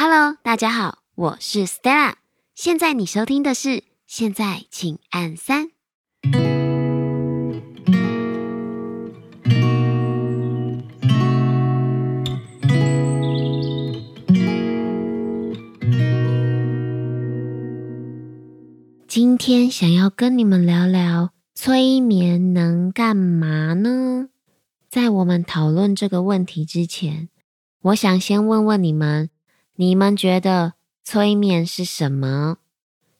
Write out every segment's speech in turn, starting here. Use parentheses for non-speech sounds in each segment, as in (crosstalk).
Hello，大家好，我是 Stella。現在你收聽的是，現在請按三。今天想要跟你們聊聊催眠能幹嘛呢？在我們討論這個問題之前，我想先問問你們，你們覺得催眠是什麼？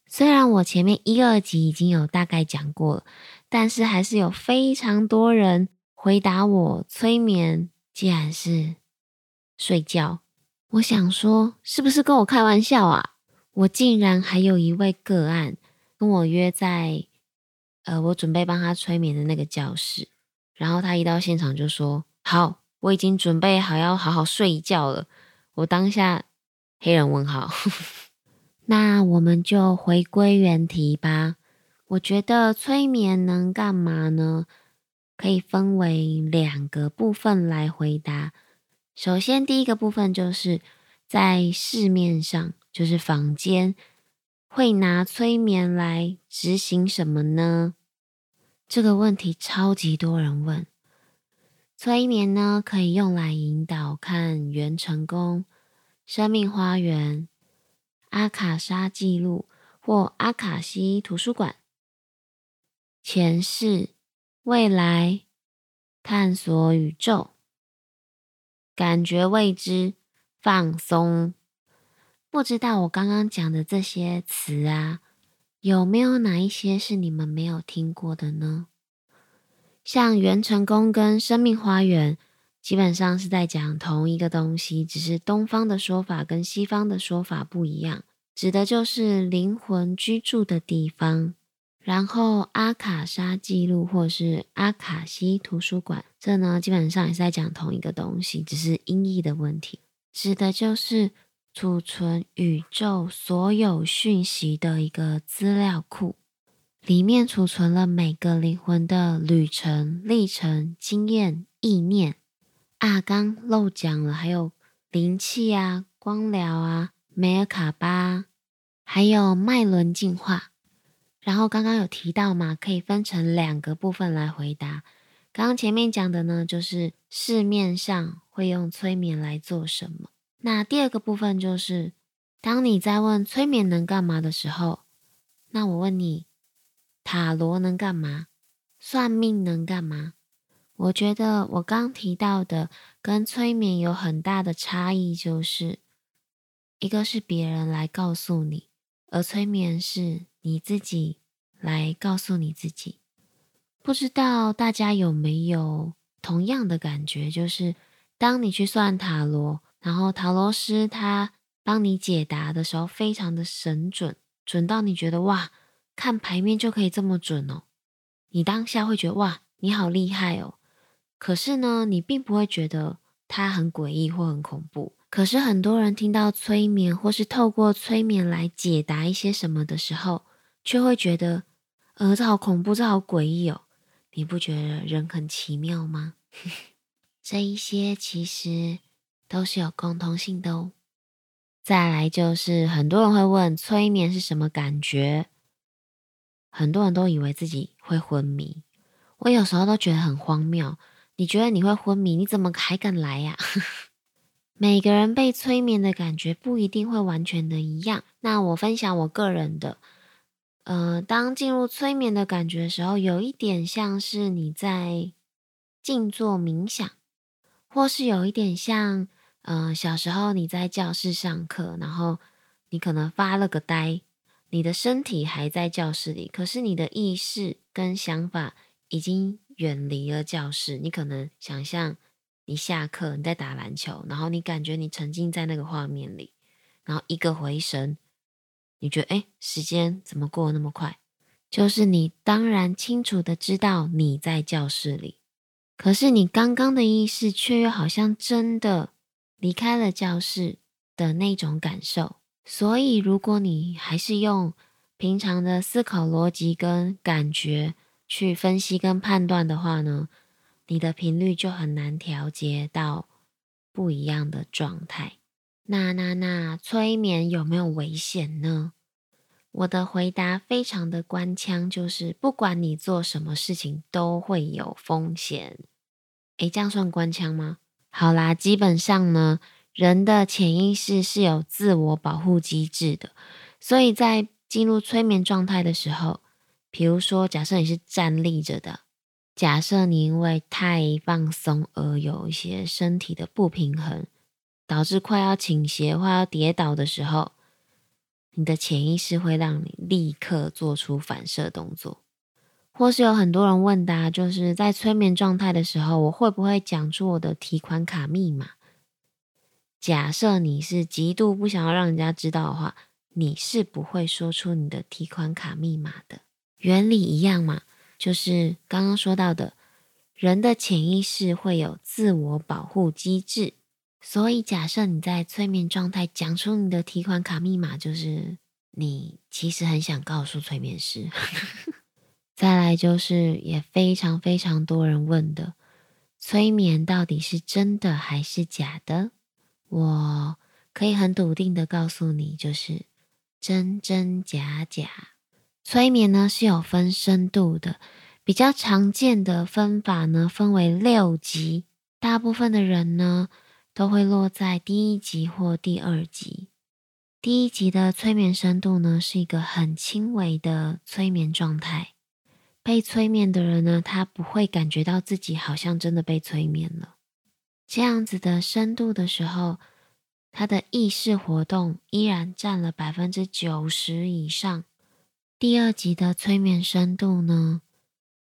雖然我前面一、二集已經有大概講過了，但是還是有非常多人回答我：“催眠既然是睡覺。”我想說，是不是跟我開玩笑啊？我竟然還有一位個案跟我約在呃，我準備幫他催眠的那個教室，然後他一到現場就說：“好，我已經準備好要好好睡一覺了。”我當下。黑人問號， (laughs) 那我們就回歸原題吧。我覺得催眠能幹嘛呢？可以分為兩個部分來回答。首先，第一個部分就是在市面上，就是坊間會拿催眠來執行什麼呢？這個問題超級多人問。催眠呢，可以用來引導看元辰宮。生命花園、阿卡莎記錄或阿卡西圖書館，前世、未來，探索宇宙，感覺未知，放鬆。不知道我剛剛講的這些詞啊，有沒有哪一些是你們沒有聽過的呢？像元辰宮跟生命花園。基本上是在講同一個東西，只是東方的說法跟西方的說法不一樣，指的就是靈魂居住的地方。然後阿卡莎記錄或是阿卡西圖書館，這呢基本上也是在講同一個東西，只是音譯的問題，指的就是儲存宇宙所有訊息的一個資料庫，裡面儲存了每個靈魂的旅程、歷程、經驗、意念。啊，剛漏講了，還有靈氣啊、光療啊、梅爾卡巴，還有脈輪淨化。然後剛剛有提到嘛，可以分成兩個部分來回答。剛剛前面講的呢，就是市面上會用催眠來做什麼。那第二個部分就是，當你在問催眠能幹嘛的時候，那我問你，塔羅能幹嘛？算命能幹嘛？我覺得我剛提到的跟催眠有很大的差異，就是一個是別人來告訴你，而催眠是你自己來告訴你自己。不知道大家有沒有同樣的感覺？就是當你去算塔羅，然後塔羅師他幫你解答的時候，非常的神準，準到你覺得哇，看牌面就可以這麼準哦。你當下會覺得哇，你好厲害哦。可是呢，你並不會覺得它很詭異或很恐怖。可是很多人聽到催眠或是透過催眠來解答一些什麼的時候，卻會覺得：呃，這好恐怖，這好詭異哦！你不覺得人很奇妙嗎？ (laughs) 這一些其實都是有共通性的哦。再來就是，很多人會問催眠是什麼感覺，很多人都以為自己會昏迷。我有時候都覺得很荒謬。你覺得你會昏迷？你怎麼還敢來呀？ (laughs) 每個人被催眠的感覺不一定會完全的一樣。那我分享我個人的，呃，當進入催眠的感覺的時候，有一點像是你在靜坐冥想，或是有一點像，呃，小時候你在教室上課，然後你可能發了個呆，你的身體還在教室裡，可是你的意識跟想法已經。遠離了教室，你可能想象你下課你在打籃球，然後你感覺你沉浸在那個畫面裡，然後一個回神，你覺得，哎，欸，時間怎麼過那麼快？就是你當然清楚的知道你在教室裡，可是你剛剛的意識卻又好像真的離開了教室的那種感受。所以，如果你還是用平常的思考邏輯跟感覺，去分析跟判斷的話呢，你的頻率就很難調節到不一樣的狀態。那那那，催眠有沒有危險呢？我的回答非常的官腔，就是不管你做什麼事情都會有風險。誒，這樣算官腔嗎？好啦，基本上呢，人的潛意識是有自我保護機制的，所以在進入催眠狀態的時候，比如說，假設你是站立着的，假設你因為太放鬆而有一些身體的不平衡，導致快要傾斜或要跌倒的時候，你的潛意識會讓你立刻做出反射動作。或是有很多人問答啊，就是在催眠狀態的時候，我會不會講出我的提款卡密碼？假設你是極度不想要讓人家知道的話，你是不會說出你的提款卡密碼的。原理一樣嘛，就是剛剛說到的，人的潛意識會有自我保護機制，所以假設你在催眠狀態講出你的提款卡密碼，就是你其實很想告訴催眠師。 (laughs) 再來就是也非常非常多人問的，催眠到底是真的還是假的？我可以很篤定的告訴你，就是真真假假。催眠呢是，有分深度的，比較常見的分法呢，分為六級，大部分的人呢都會落在第一級或第二級。第一級的催眠深度呢，是一個很輕微的催眠狀態，被催眠的人呢，他不會感覺到自己好像真的被催眠了。這樣子的深度的時候，他的意識活動依然佔了百分之九十以上。第二級的催眠深度呢，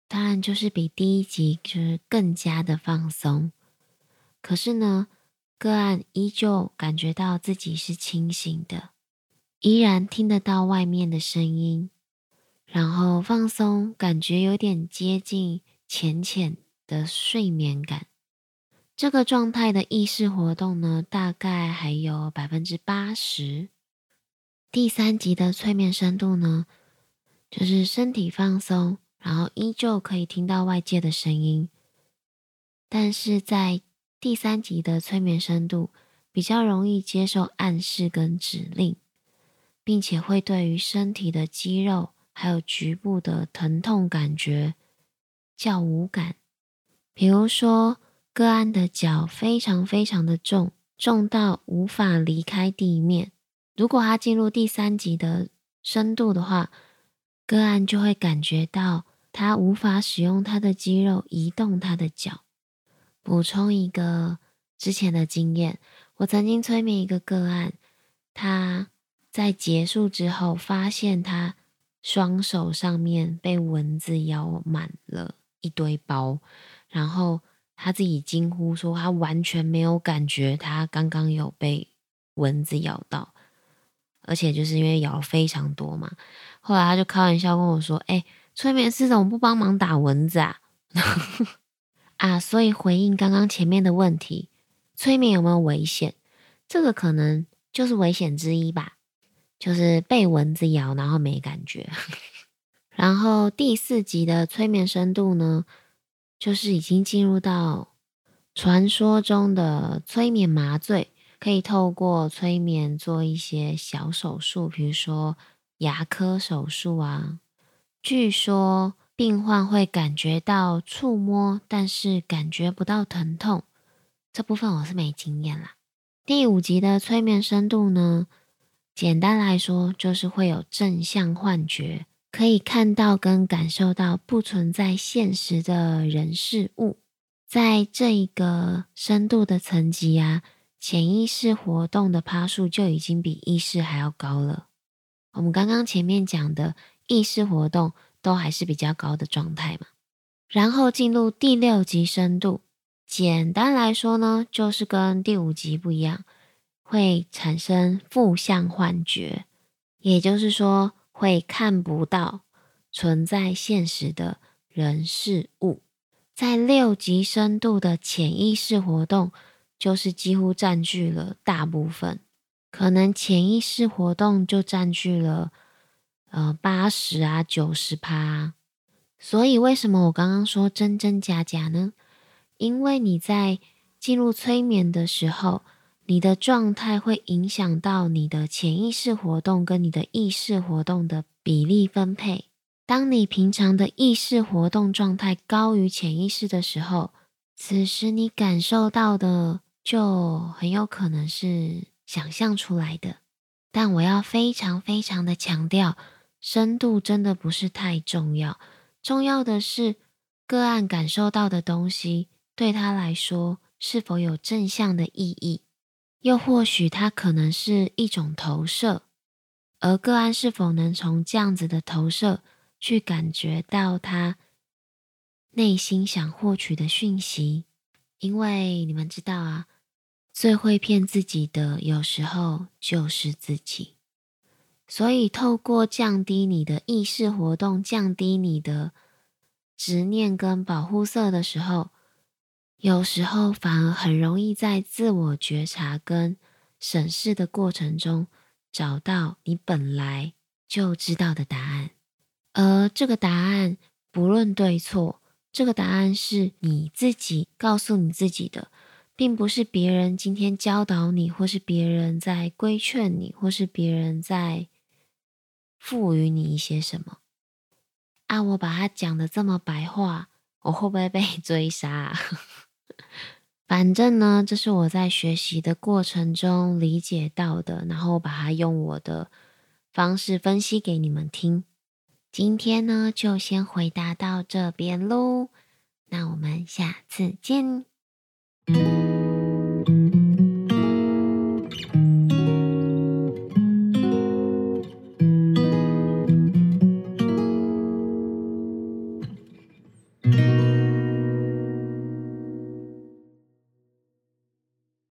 當然就是比第一級就是更加的放鬆，可是呢，個案依舊感覺到自己是清醒的，依然聽得到外面的聲音，然後放鬆，感覺有點接近淺淺的睡眠感。這個狀態的意識活動呢，大概還有百分之八十。第三級的催眠深度呢，就是身體放鬆，然後依舊可以聽到外界的聲音，但是在第三級的催眠深度，比較容易接受暗示跟指令，並且會對於身體的肌肉還有局部的疼痛感覺較無感。比如說，個案的腳非常非常的重，重到無法離開地面。如果他進入第三級的深度的話，個案就會感覺到他無法使用他的肌肉移動他的腳。補充一個之前的經驗，我曾經催眠一個個案，他在結束之後發現他雙手上面被蚊子咬滿了一堆包，然後他自己驚呼說他完全沒有感覺他剛剛有被蚊子咬到。而且就是因為咬非常多嘛，後來他就開玩笑跟我說：“哎、欸，催眠師怎麼不幫忙打蚊子啊？” (laughs) 啊，所以回應剛剛前面的問題，催眠有沒有危險？這個可能就是危險之一吧，就是被蚊子咬然後沒感覺。 (laughs) 然後第四級的催眠深度呢，就是已經進入到傳說中的催眠麻醉。可以透過催眠做一些小手術，比如說牙科手術啊。據說病患會感覺到觸摸，但是感覺不到疼痛。這部分我是沒經驗啦。第五級的催眠深度呢，簡單來說就是會有正向幻覺，可以看到跟感受到不存在現實的人事物。在這一個深度的層級啊。潛意識活動的趴數就已經比意識還要高了。我們剛剛前面講的意識活動都還是比較高的狀態嘛。然後進入第六級深度，簡單來說呢，就是跟第五級不一樣，會產生負向幻覺，也就是說會看不到存在現實的人事物。在六級深度的潛意識活動。就是幾乎佔據了大部分，可能潛意識活動就佔據了，呃，八十啊，九十趴。所以為什麼我剛剛說真真假假呢？因為你在進入催眠的時候，你的狀態會影響到你的潛意識活動跟你的意識活動的比例分配。當你平常的意識活動狀態高於潛意識的時候，此時你感受到的。就很有可能是想象出來的，但我要非常非常的強調，深度真的不是太重要，重要的是個案感受到的東西對他來說是否有正向的意義，又或許他可能是一種投射，而個案是否能從這樣子的投射去感覺到他內心想獲取的訊息，因為你們知道啊。最會騙自己的，有時候就是自己。所以，透過降低你的意識活動，降低你的執念跟保護色的時候，有時候反而很容易在自我覺察跟審視的過程中，找到你本來就知道的答案。而這個答案不論對錯，這個答案是你自己告訴你自己的。並不是別人今天教導你，或是別人在規勸你，或是別人在賦予你一些什麼。啊，我把它講得這麼白話，我會不會被追殺啊？ (laughs) 反正呢，這是我在學習的過程中理解到的，然後我把它用我的方式分析給你們聽。今天呢，就先回答到這邊嘍。那我們下次見。嗯。